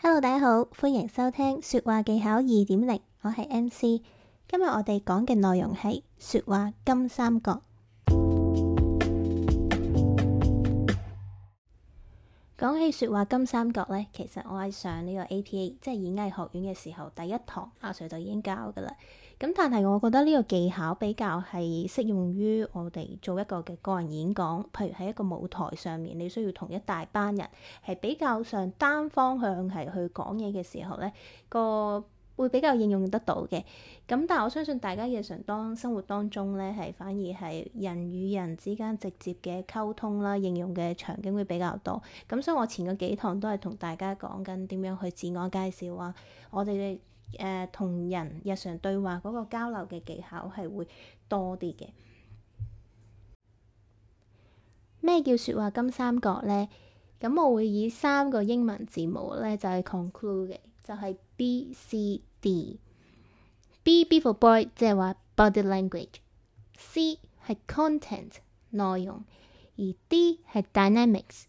Hello，大家好，歡迎收聽說話技巧二點零，我係 MC，今日我哋講嘅內容係說話金三角。講起說話金三角咧，其實我喺上呢個 APA，即係演藝學院嘅時候，第一堂阿 Sir、啊、就已經教噶啦。咁但係我覺得呢個技巧，比較係適用於我哋做一個嘅個人演講，譬如，喺一個舞台上面，你需要同一大班人係比較上單方向係去講嘢嘅時候咧，個。會比較應用得到嘅，咁，但係我相信大家日常當生活當中呢，係反而係人與人之間直接嘅溝通啦，應用嘅場景會比較多。咁所以我前個幾堂都係同大家講緊點樣去自我介紹啊，我哋誒同人日常對話嗰個交流嘅技巧係會多啲嘅。咩叫説話金三角呢？咁我會以三個英文字母呢，就係 conclude 嘅，就係 B、C。D、B、B for boy，即係話 body language。C 係 content 內容，而 D 係 dynamics。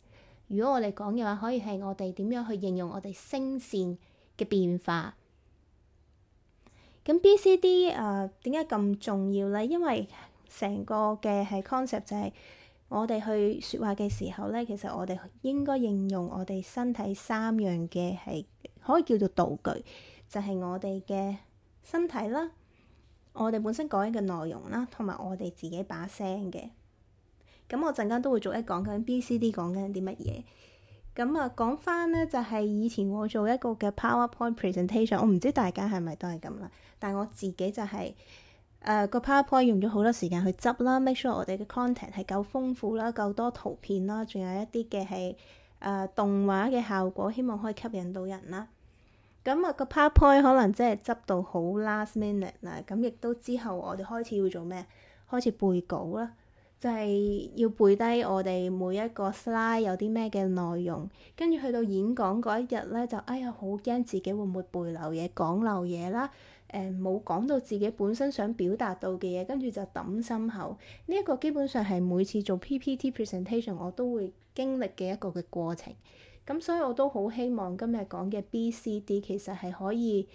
如果我哋講嘅話，可以係我哋點樣去應用我哋聲線嘅變化。咁 B、呃、C、D 啊，點解咁重要咧？因為成個嘅係 concept 就係我哋去說話嘅時候咧，其實我哋應該應用我哋身體三樣嘅係可以叫做道具。就係我哋嘅身體啦，我哋本身講緊嘅內容啦，同埋我哋自己把聲嘅。咁我陣間都會逐一講緊 B、C、D 講緊啲乜嘢。咁啊，講翻咧就係以前我做一個嘅 PowerPoint presentation，我唔知大家係咪都係咁啦，但我自己就係誒個 PowerPoint 用咗好多時間去執啦，make sure 我哋嘅 content 係夠豐富啦，夠多圖片啦，仲有一啲嘅係誒動畫嘅效果，希望可以吸引到人啦。咁啊個 PowerPoint 可能真係執到好 last minute 嗱，咁亦都之後我哋開始要做咩？開始背稿啦，就係、是、要背低我哋每一個 slide 有啲咩嘅內容，跟住去到演講嗰一日咧，就哎呀好驚自己會，會背、嗯、唔會背漏嘢、講漏嘢啦，誒冇講到自己本身想表達到嘅嘢，跟住就抌心口。呢、這、一個基本上係每次做 PPT presentation 我都會經歷嘅一個嘅過程。咁、嗯、所以我都好希望今日講嘅 B、C、D 其實係可以誒、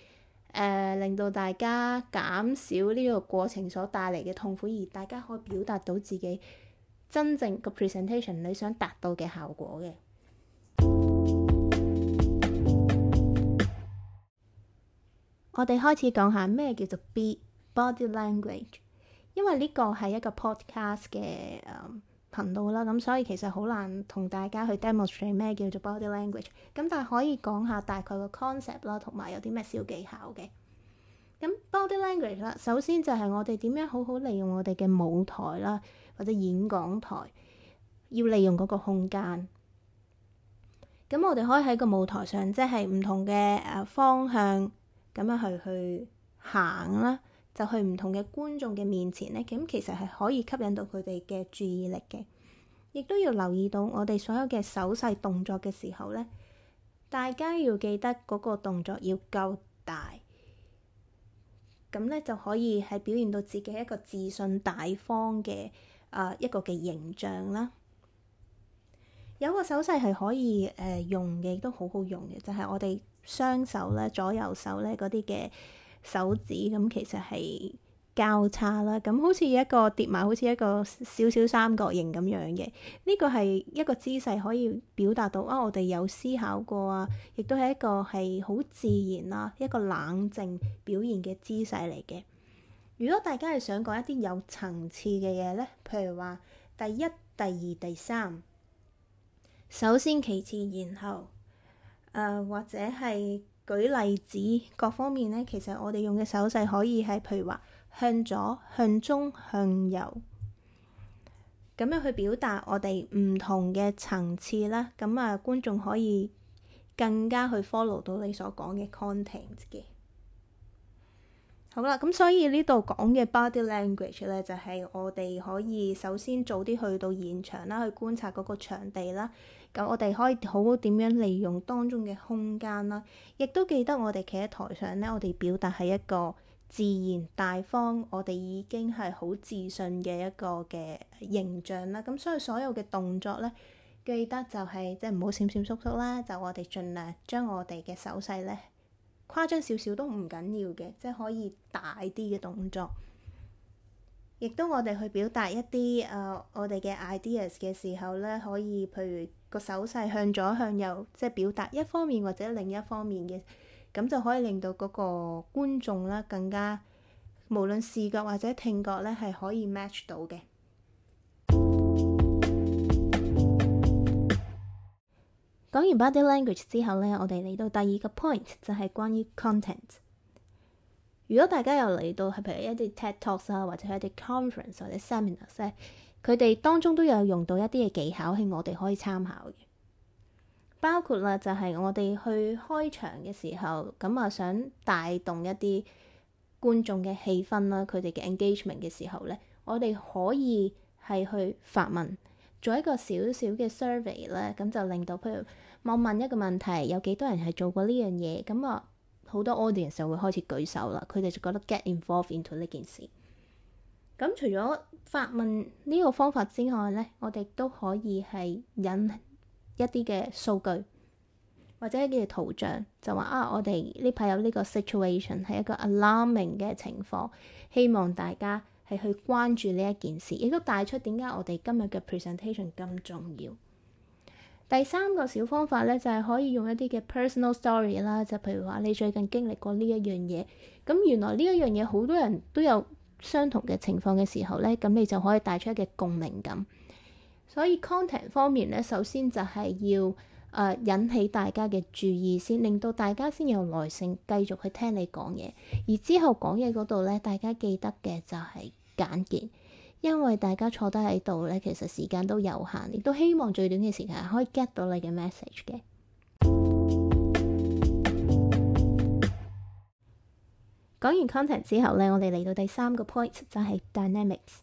呃、令到大家減少呢個過程所帶嚟嘅痛苦，而大家可以表達到自己真正個 presentation 你想達到嘅效果嘅。我哋開始講下咩叫做 B body language，因為呢個係一個 podcast 嘅。頻道啦，咁所以其實好難同大家去 demonstrate 咩叫做 body language，咁但係可以講下大概個 concept 啦，同埋有啲咩小技巧嘅。咁 body language 啦，首先就係我哋點樣好好利用我哋嘅舞台啦，或者演講台，要利用嗰個空間。咁我哋可以喺個舞台上，即係唔同嘅誒方向咁樣去去行啦。就去唔同嘅觀眾嘅面前呢，咁其實係可以吸引到佢哋嘅注意力嘅，亦都要留意到我哋所有嘅手勢動作嘅時候呢，大家要記得嗰個動作要夠大，咁呢就可以係表現到自己一個自信大方嘅啊、呃、一個嘅形象啦。有個手勢係可以誒、呃、用嘅，都好好用嘅，就係、係、我哋雙手咧，左右手咧嗰啲嘅。手指咁其實係交叉啦，咁好似一個疊埋，好似一個小小三角形咁樣嘅。呢個係一個姿勢可以表達到啊，我哋有思考過啊，亦都係一個係好自然啦、啊，一個冷靜表現嘅姿勢嚟嘅。如果大家係想講一啲有層次嘅嘢呢，譬如話第一、第二、第三，首先、其次、然後，呃、或者係。舉例子，各方面咧，其實我哋用嘅手勢可以係譬如話向左、向中、向右，咁樣去表達我哋唔同嘅層次啦。咁啊，觀眾可以更加去 follow 到你所講嘅 content 嘅。好啦，咁所以呢度講嘅 body language 咧，就係我哋可以首先早啲去到現場啦，去觀察嗰個場地啦。咁我哋可以好好點樣利用當中嘅空間啦，亦都記得我哋企喺台上咧，我哋表達係一個自然大方，我哋已經係好自信嘅一個嘅形象啦。咁所以所有嘅動作咧，記得就係即係唔好閃閃縮縮啦。就我哋盡量將我哋嘅手勢咧。誇張少少都唔緊要嘅，即係可以大啲嘅動作，亦都我哋去表達一啲誒、呃、我哋嘅 ideas 嘅時候呢，可以譬如個手勢向左向右，即係表達一方面或者另一方面嘅，咁就可以令到嗰個觀眾呢更加，無論視覺或者聽覺呢，係可以 match 到嘅。講完 body language 之後呢，我哋嚟到第二個 point 就係關於 content。如果大家有嚟到係譬如一啲 TED Talks 啊，或者係一啲 conference 或者 seminars 咧，佢哋當中都有用到一啲嘅技巧，係我哋可以參考嘅。包括啦，就係我哋去開場嘅時候，咁啊想帶動一啲觀眾嘅氣氛啦，佢哋嘅 engagement 嘅時候呢，我哋可以係去發問。做一個小小嘅 survey 咧，咁就令到，譬如我問一個問題，有幾多人係做過呢樣嘢？咁啊，好多 audience 就會開始舉手啦。佢哋就覺得 get involved into 呢件事。咁除咗發問呢個方法之外咧，我哋都可以係引一啲嘅數據或者一啲嘅圖像，就話啊，我哋呢排有呢個 situation 係一個 alarming 嘅情況，希望大家。係去關注呢一件事，亦都帶出點解我哋今日嘅 presentation 咁重要。第三個小方法咧，就係可以用一啲嘅 personal story 啦，就譬如話你最近經歷過呢一樣嘢，咁原來呢一樣嘢好多人都有相同嘅情況嘅時候咧，咁你就可以帶出一個共鳴感。所以 content 方面咧，首先就係要。Uh, 引起大家嘅注意先，令到大家先有耐性繼續去聽你講嘢，而之後講嘢嗰度呢，大家記得嘅就係簡潔，因為大家坐得喺度呢，其實時間都有限，亦都希望最短嘅時間可以 get 到你嘅 message 嘅。 講完 content 之後呢，我哋嚟到第三個 point 就係 dynamics。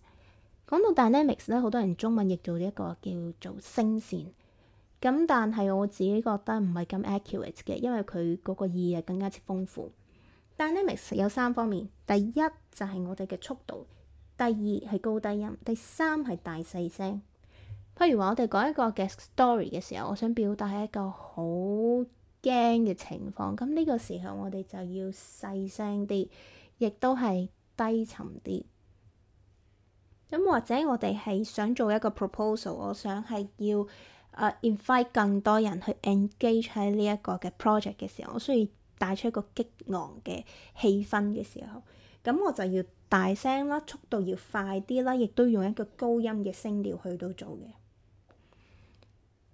講到 dynamics 呢，好多人中文譯做咗一個叫做聲線。咁但係我自己覺得唔係咁 accurate 嘅，因為佢嗰個意義係更加之豐富。Dynamics 有三方面，第一就係我哋嘅速度，第二係高低音，第三係大細聲。譬如話，我哋講一個嘅 story 嘅時候，我想表達係一個好驚嘅情況，咁呢個時候我哋就要細聲啲，亦都係低沉啲。咁或者我哋係想做一個 proposal，我想係要。誒、uh, invite 更多人去 engage 喺呢一個嘅 project 嘅時候，我需要帶出一個激昂嘅氣氛嘅時候，咁我就要大聲啦，速度要快啲啦，亦都用一個高音嘅聲調去到做嘅。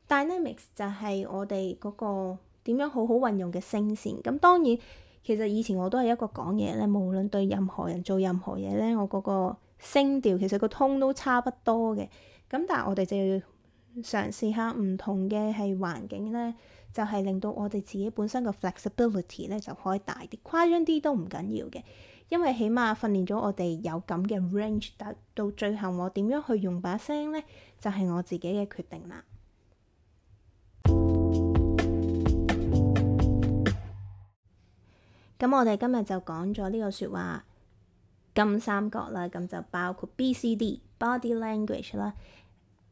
Dynamics 就係我哋嗰個點樣好好運用嘅聲線，咁當然，其實以前我都係一個講嘢咧，無論對任何人做任何嘢咧，我嗰個聲調其實個 tone 都差不多嘅。咁但係我哋就要。嘗試下唔同嘅係環境呢就係、是、令到我哋自己本身嘅 flexibility 呢就可以大啲，誇張啲都唔緊要嘅，因為起碼訓練咗我哋有咁嘅 range。但到最後，我點樣去用把聲呢就係、是、我自己嘅決定啦。咁 我哋今日就講咗呢個説話金三角啦，咁就包括 B、C、D body language 啦。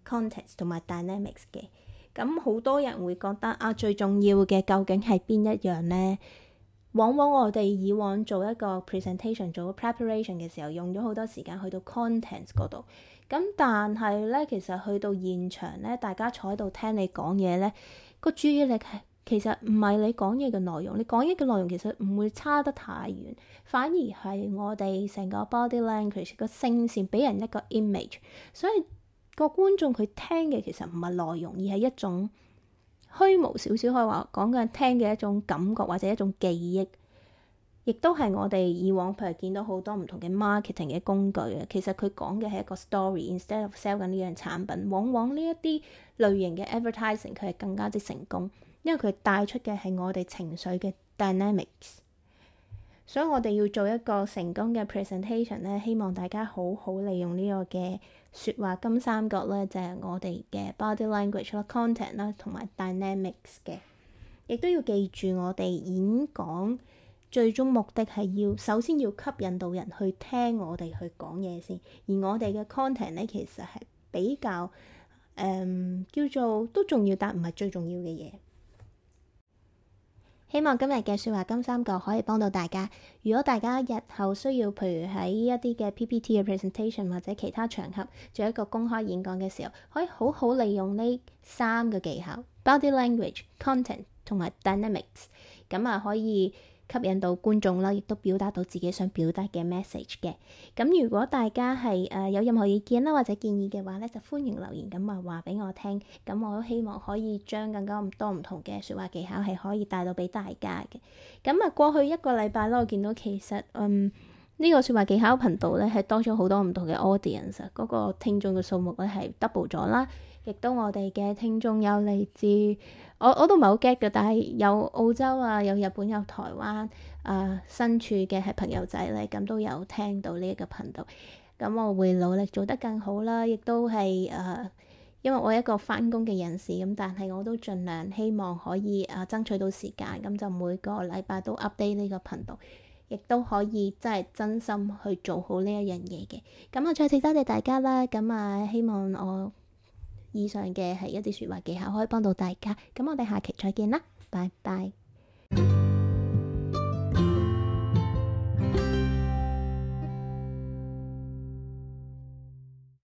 context 同埋 dynamics 嘅，咁好多人會覺得啊，最重要嘅究竟係邊一樣呢？往往我哋以往做一個 presentation 做個 preparation 嘅時候，用咗好多時間去到 content 嗰度。咁但係咧，其實去到現場咧，大家坐喺度聽你講嘢咧，個注意力係其實唔係你講嘢嘅內容，你講嘢嘅內容其實唔會差得太遠，反而係我哋成個 body language 個聲線俾人一個 image，所以。個觀眾佢聽嘅其實唔係內容，而係一種虛無少少可以話講緊聽嘅一種感覺或者一種記憶，亦都係我哋以往譬如見到好多唔同嘅 marketing 嘅工具啊。其實佢講嘅係一個 story，instead of sell 緊呢樣產品，往往呢一啲類型嘅 advertising 佢係更加之成功，因為佢帶出嘅係我哋情緒嘅 dynamics。所以我哋要做一個成功嘅 presentation 咧，希望大家好好利用呢個嘅說話金三角咧，就係、是、我哋嘅 body language 啦、content 啦同埋 dynamics 嘅。亦都要記住我哋演講最終目的係要，首先要吸引到人去聽我哋去講嘢先，而我哋嘅 content 咧，其實係比較誒、嗯、叫做都重要，但唔係最重要嘅嘢。希望今日嘅説話金三角可以幫到大家。如果大家日後需要，譬如喺一啲嘅 PPT 嘅 presentation 或者其他場合，做一個公開演講嘅時候，可以好好利用呢三個技巧：body language、content 同埋 dynamics，咁啊可以。吸引到觀眾啦，亦都表達到自己想表達嘅 message 嘅。咁如果大家係誒、呃、有任何意見啦或者建議嘅話咧，就歡迎留言咁啊話俾我聽。咁我都希望可以將更加多唔同嘅説話技巧係可以帶到俾大家嘅。咁啊，過去一個禮拜啦，我見到其實嗯呢、這個説話技巧頻道咧係多咗好多唔同嘅 audience 嗰個聽眾嘅數目咧係 double 咗啦。亦都我哋嘅聽眾有嚟自我，我都唔係好 get 嘅，但係有澳洲啊，有日本，有台灣啊，身處嘅係朋友仔咧，咁都有聽到呢一個頻道。咁我會努力做得更好啦，亦都係誒、啊，因為我一個返工嘅人士咁，但係我都盡量希望可以誒爭取到時間，咁就每個禮拜都 update 呢個頻道，亦都可以真係真心去做好呢一樣嘢嘅。咁啊，再次多謝大家啦。咁啊，希望我。以上嘅係一啲說話技巧，可以幫到大家。咁我哋下期再見啦，拜拜。